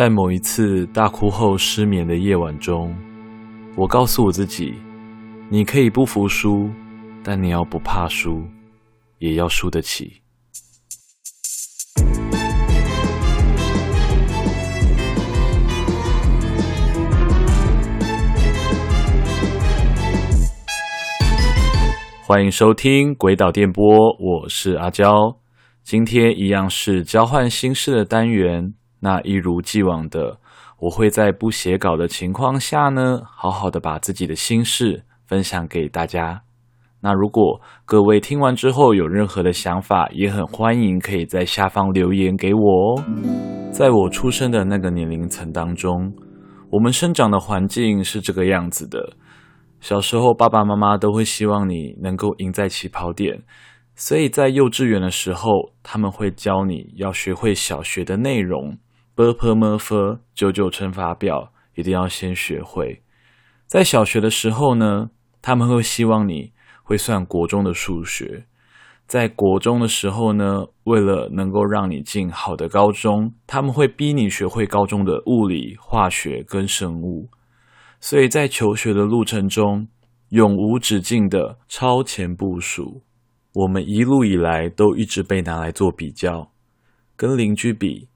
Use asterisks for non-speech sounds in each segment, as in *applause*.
在某一次大哭後失眠的夜晚中，我告訴我自己：你可以不服輸，但你要不怕輸，也要輸得起。歡迎收聽《詭島電波》，我是阿嬌，今天一樣是交換心事的單元。那一如既往的，我會在不寫稿的情況下呢，好好的把自己的心事分享給大家。那如果各位聽完之後有任何的想法，也很歡迎可以在下方留言給我哦。在我出生的那個年齡層當中，我們生長的環境是這個樣子的。小時候，爸爸媽媽都會希望你能夠贏在起跑點，所以在幼稚園的時候，他們會教你要學會小學的內容。ㄅㄆㄇㄈ，九九乘法表一定要先學會。在小學的時候呢，他們會希望你會算國中的數學。在國中的時候呢，為了能夠讓你進好的高中，他們會逼你學會高中的物理、化學跟生物。所以在求學的路程中，永無止境的超前部署，我們一路以來都一直被拿來做比較，跟鄰居比。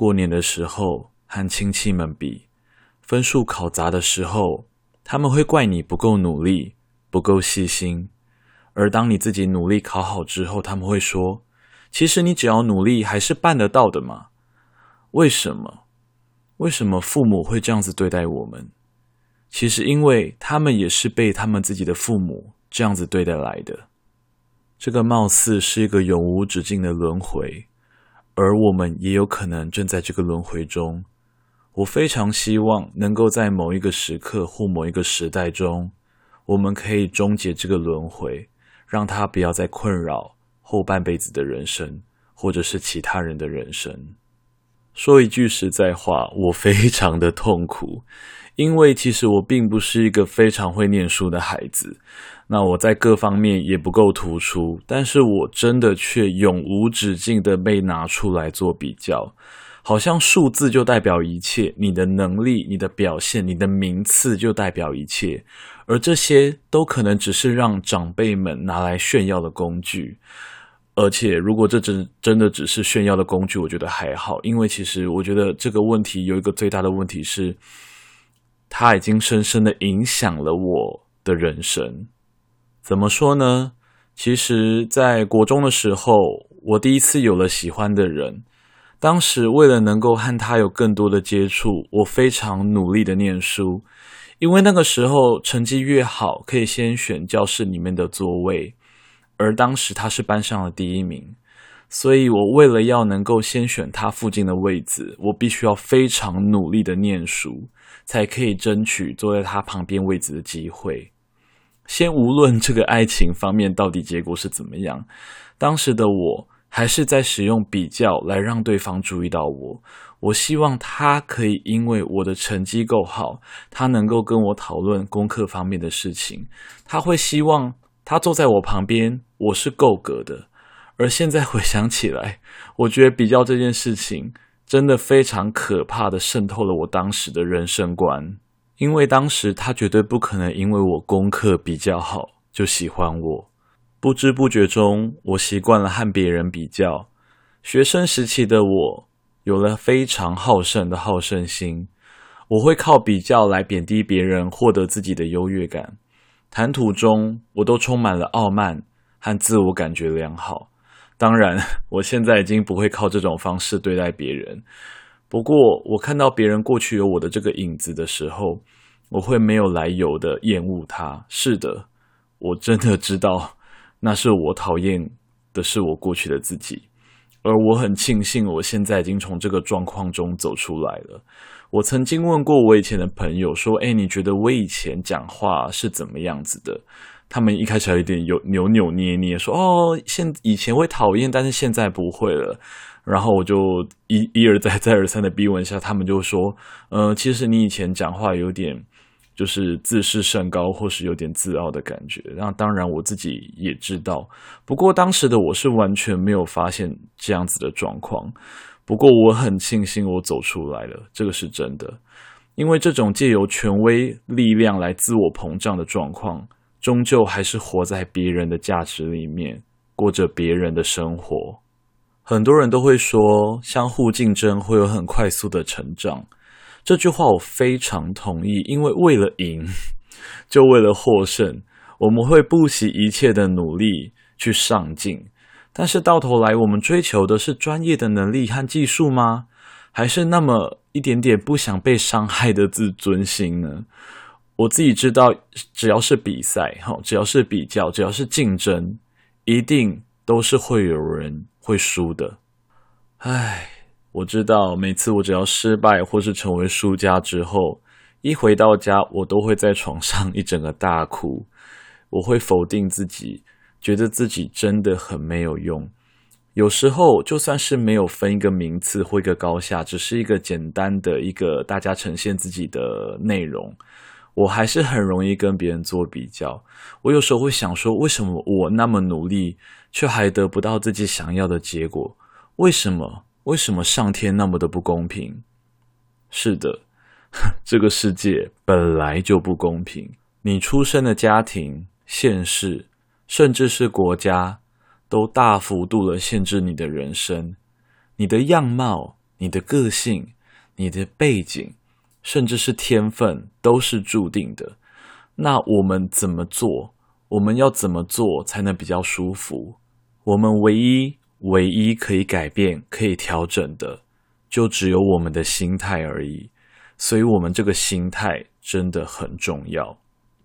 過年的時候和親戚們比，分數考砸的時候，他們會怪你不夠努力、不夠細心；而當你自己努力考好之後，他們會說：“其實你只要努力，還是辦得到的嘛。”為什麼？為什麼父母會這樣子對待我們？其實，因為他們也是被他們自己的父母這樣子對待來的。這個貌似是一個永無止境的輪迴。而我們也有可能正在這個輪迴中，我非常希望能夠在某一個時刻或某一個時代中，我們可以終結這個輪迴，讓它不要再困擾後半輩子的人生，或者是其他人的人生。說一句實在話，我非常的痛苦。因為其實我並不是一個非常會唸書的孩子，那我在各方面也不夠突出，但是我真的卻永無止境地被拿出來做比較，好像數字就代表一切，你的能力、你的表現、你的名次就代表一切，而這些都可能只是讓長輩們拿來炫耀的工具。而且，如果這真的只是炫耀的工具，我覺得還好，因為其實我覺得這個問題有一個最大的問題是。他已經深深的影響了我的人生。怎麼說呢？其實，在國中的時候，我第一次有了喜歡的人。當時為了能夠和他有更多的接觸，我非常努力的念書，因為那個時候成績越好，可以先選教室裡面的座位。而當時他是班上的第一名，所以我為了要能夠先選他附近的位置，我必須要非常努力的念書。才可以爭取坐在他旁邊位置的機會。先無論這個愛情方面到底結果是怎麼樣，當時的我還是在使用比較來讓對方注意到我。我希望他可以因為我的成績夠好，他能夠跟我討論功課方面的事情。他會希望他坐在我旁邊，我是夠格的。而現在回想起來，我覺得比較這件事情，真的非常可怕地滲透了我當時的人生觀，因為當時他絕對不可能因為我功課比較好，就喜歡我。不知不覺中，我習慣了和別人比較。學生時期的我有了非常好勝的好勝心，我會靠比較來貶低別人，獲得自己的優越感。談吐中，我都充滿了傲慢和自我感覺良好。當然，我現在已經不會靠這種方式對待別人。不過，我看到別人過去有我的這個影子的時候，我會沒有來由的厭惡他。是的，我真的知道，那是我討厭的是我過去的自己。而我很慶幸，我現在已經從這個狀況中走出來了。我曾經問過我以前的朋友說：“誒，你覺得我以前講話是怎麼樣子的？”他們一開始有點扭扭捏捏，說：“哦，現以前會討厭，但是現在不會了。”然後我就一一而再、再而三的逼問下，他們就說：“呃，其實你以前講話有點就是自視甚高，或是有點自傲的感覺。”那當然我自己也知道，不過當時的我是完全沒有發現這樣子的狀況。不過我很慶幸我走出來了，這個是真的，因為這種借由權威力量來自我膨脹的狀況，終究還是活在別人的價值裡面，過着別人的生活。很多人都會說，相互競爭會有很快速的成長。這句話我非常同意，因為為了贏，就為了獲勝，我們會不惜一切的努力去上進。但是到頭來，我們追求的是專業的能力和技術嗎？還是那麼一點點不想被傷害的自尊心呢？我自己知道，只要是比賽，哈，只要是比較，只要是競爭，一定都是會有人會輸的。唉，我知道，每次我只要失敗或是成為輸家之後，一回到家，我都會在床上一整個大哭，我會否定自己，覺得自己真的很沒有用。有時候，就算是沒有分一個名次或一個高下，只是一個簡單的一個大家呈現自己的內容。我還是很容易跟別人做比較。我有時候會想說，為什麼我那麼努力，卻還得不到自己想要的結果？為什麼？為什麼上天那麼的不公平？是的，這個世界本來就不公平。你出生的家庭、縣市，甚至是國家，都大幅度的限制你的人生。你的樣貌、你的個性、你的背景。甚至是天分都是注定的，那我們怎麼做？我們要怎麼做才能比較舒服？我們唯一、唯一可以改變、可以調整的，就只有我們的心態而已。所以，我們這個心態真的很重要。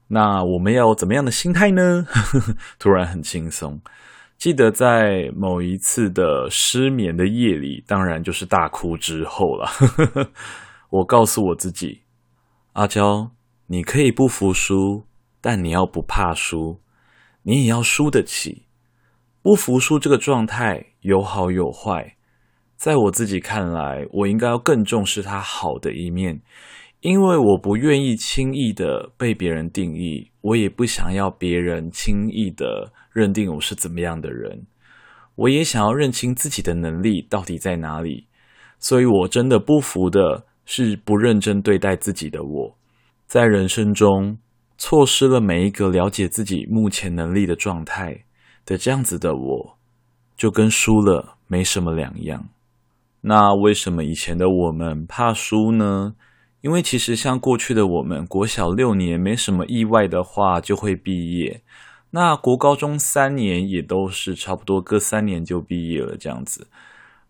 那我們要怎麼樣的心態呢？ *laughs* 突然很輕鬆。記得在某一次的失眠的夜裡，當然就是大哭之後了。 *laughs* 我告訴我自己，阿嬌，你可以不服輸，但你要不怕輸，你也要輸得起。不服輸這個狀態有好有壞，在我自己看來，我應該要更重視它好的一面，因為我不願意輕易的被別人定義，我也不想要別人輕易的認定我是怎麼樣的人。我也想要認清自己的能力到底在哪裡，所以我真的不服的。是不認真對待自己的我，在人生中錯失了每一個了解自己目前能力的狀態的這樣子的我，就跟輸了沒什麼兩樣。那為什麼以前的我們怕輸呢？因為其實像過去的我們，國小六年沒什麼意外的話就會畢業，那國高中三年也都是差不多，各三年就畢業了這樣子。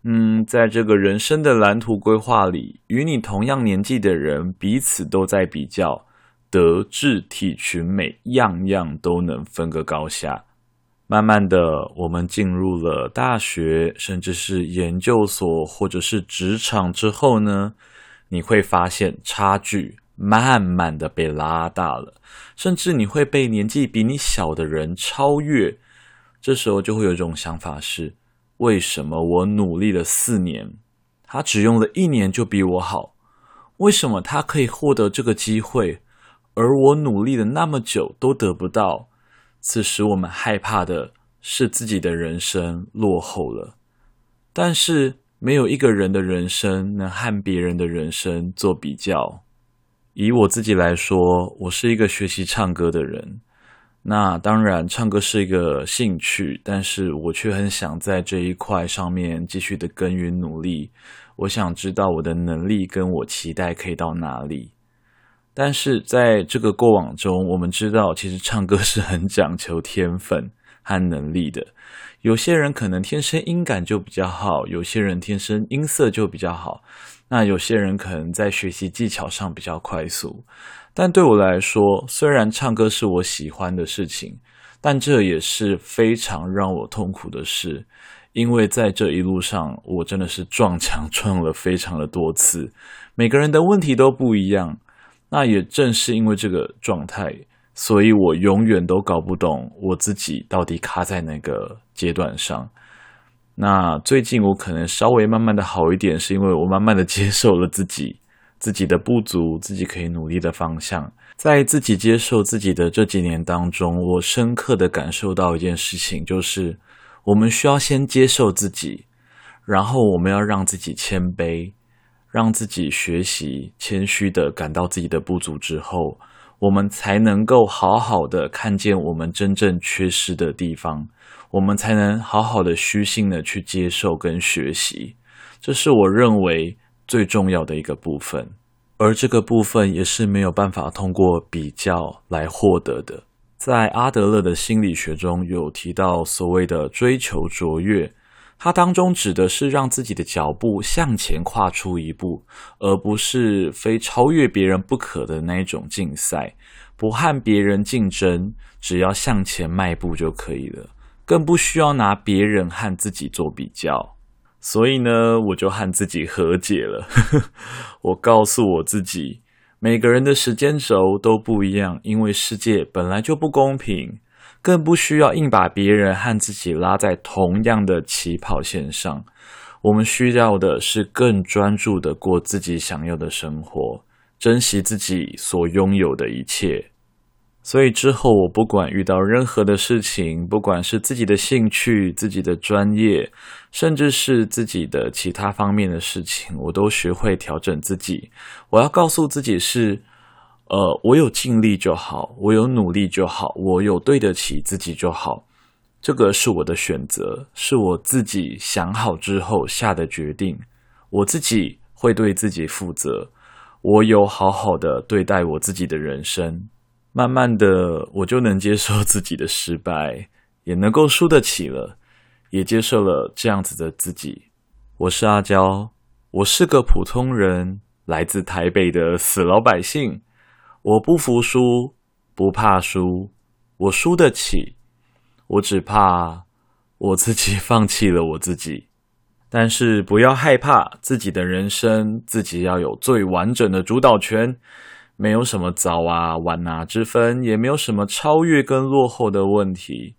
嗯，在這個人生的藍圖規劃裡，與你同樣年紀的人彼此都在比較，德智體群美，樣樣都能分個高下。慢慢的，我們進入了大學，甚至是研究所或者是職場之後呢，你會發現差距慢慢的被拉大了，甚至你會被年紀比你小的人超越。這時候就會有一種想法是。為什麼我努力了四年，他只用了一年就比我好？為什麼他可以獲得這個機會，而我努力了那麼久都得不到？此時我們害怕的是自己的人生落後了，但是沒有一個人的人生能和別人的人生做比較。以我自己來說，我是一個學習唱歌的人。那當然，唱歌是一個興趣，但是我卻很想在這一塊上面繼續的耕耘努力。我想知道我的能力跟我期待可以到哪裡。但是在這個過往中，我們知道其實唱歌是很講求天分和能力的，有些人可能天生音感就比較好，有些人天生音色就比較好。那有些人可能在學習技巧上比較快速，但對我來說，雖然唱歌是我喜歡的事情，但這也是非常讓我痛苦的事，因為在這一路上，我真的是撞牆撞了非常的多次。每個人的問題都不一樣，那也正是因為這個狀態。所以我永遠都搞不懂我自己到底卡在哪個階段上。那最近我可能稍微慢慢的好一點，是因為我慢慢的接受了自己，自己的不足，自己可以努力的方向。在自己接受自己的這幾年當中，我深刻的感受到一件事情，就是我們需要先接受自己，然後我們要讓自己謙卑，讓自己學習，謙虛的感到自己的不足之後。我們才能夠好好的看見我們真正缺失的地方，我們才能好好的虛心的去接受跟學習，這是我認為最重要的一個部分。而這個部分也是沒有辦法通過比較來獲得的。在阿德勒的心理學中，有提到所謂的追求卓越。它當中指的是讓自己的腳步向前跨出一步，而不是非超越別人不可的那一種競賽，不和別人競爭，只要向前邁步就可以了，更不需要拿別人和自己做比較。所以呢，我就和自己和解了。 *laughs* 我告訴我自己，每個人的時間軸都不一樣，因為世界本來就不公平。更不需要硬把別人和自己拉在同樣的起跑線上，我們需要的是更專注地過自己想要的生活，珍惜自己所擁有的一切。所以之後我不管遇到任何的事情，不管是自己的興趣、自己的專業，甚至是自己的其他方面的事情，我都學會調整自己。我要告訴自己是。呃，我有盡力就好，我有努力就好，我有對得起自己就好，這個是我的選擇，是我自己想好之後下的決定，我自己會對自己負責，我有好好的對待我自己的人生，慢慢的我就能接受自己的失敗，也能夠輸得起了，也接受了這樣子的自己。我是阿嬌，我是個普通人，來自台北的死老百姓。我不服輸，不怕輸，我輸得起，我只怕我自己放棄了我自己。但是不要害怕自己的人生，自己要有最完整的主導權。沒有什麼早啊晚啊之分，也沒有什麼超越跟落後的問題。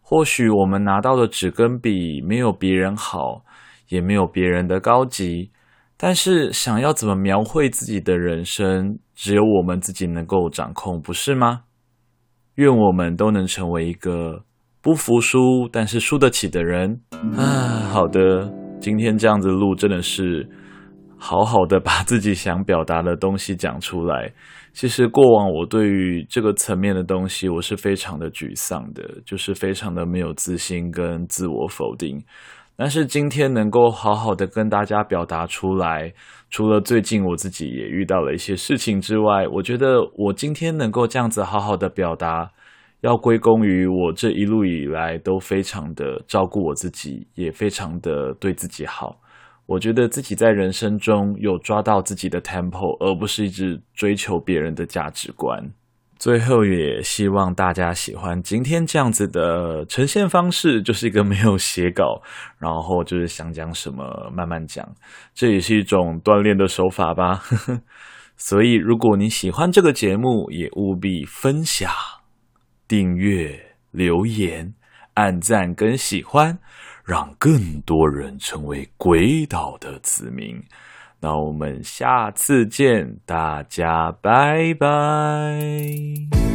或許我們拿到的紙跟筆沒有別人好，也沒有別人的高級，但是想要怎麼描繪自己的人生？只有我們自己能夠掌控，不是嗎？願我們都能成為一個不服輸但是輸得起的人。嗯。啊！好的，今天這樣子錄真的是好好的把自己想表達的東西講出來。其實過往我對於這個層面的東西，我是非常的沮喪的，就是非常的沒有自信跟自我否定。但是今天能夠好好的跟大家表達出來，除了最近我自己也遇到了一些事情之外，我覺得我今天能夠這樣子好好的表達，要歸功於我這一路以來都非常的照顧我自己，也非常的對自己好。我覺得自己在人生中有抓到自己的 tempo，而不是一直追求別人的價值觀。最後也希望大家喜歡今天這樣子的呈現方式，就是一個沒有寫稿，然後就是想講什麼慢慢講，這也是一種鍛鍊的手法吧。 *laughs* 所以如果你喜歡這個節目，也務必分享、訂閱、留言、按讚跟喜歡，讓更多人成為鬼島的子民。那我們下次見，大家拜拜。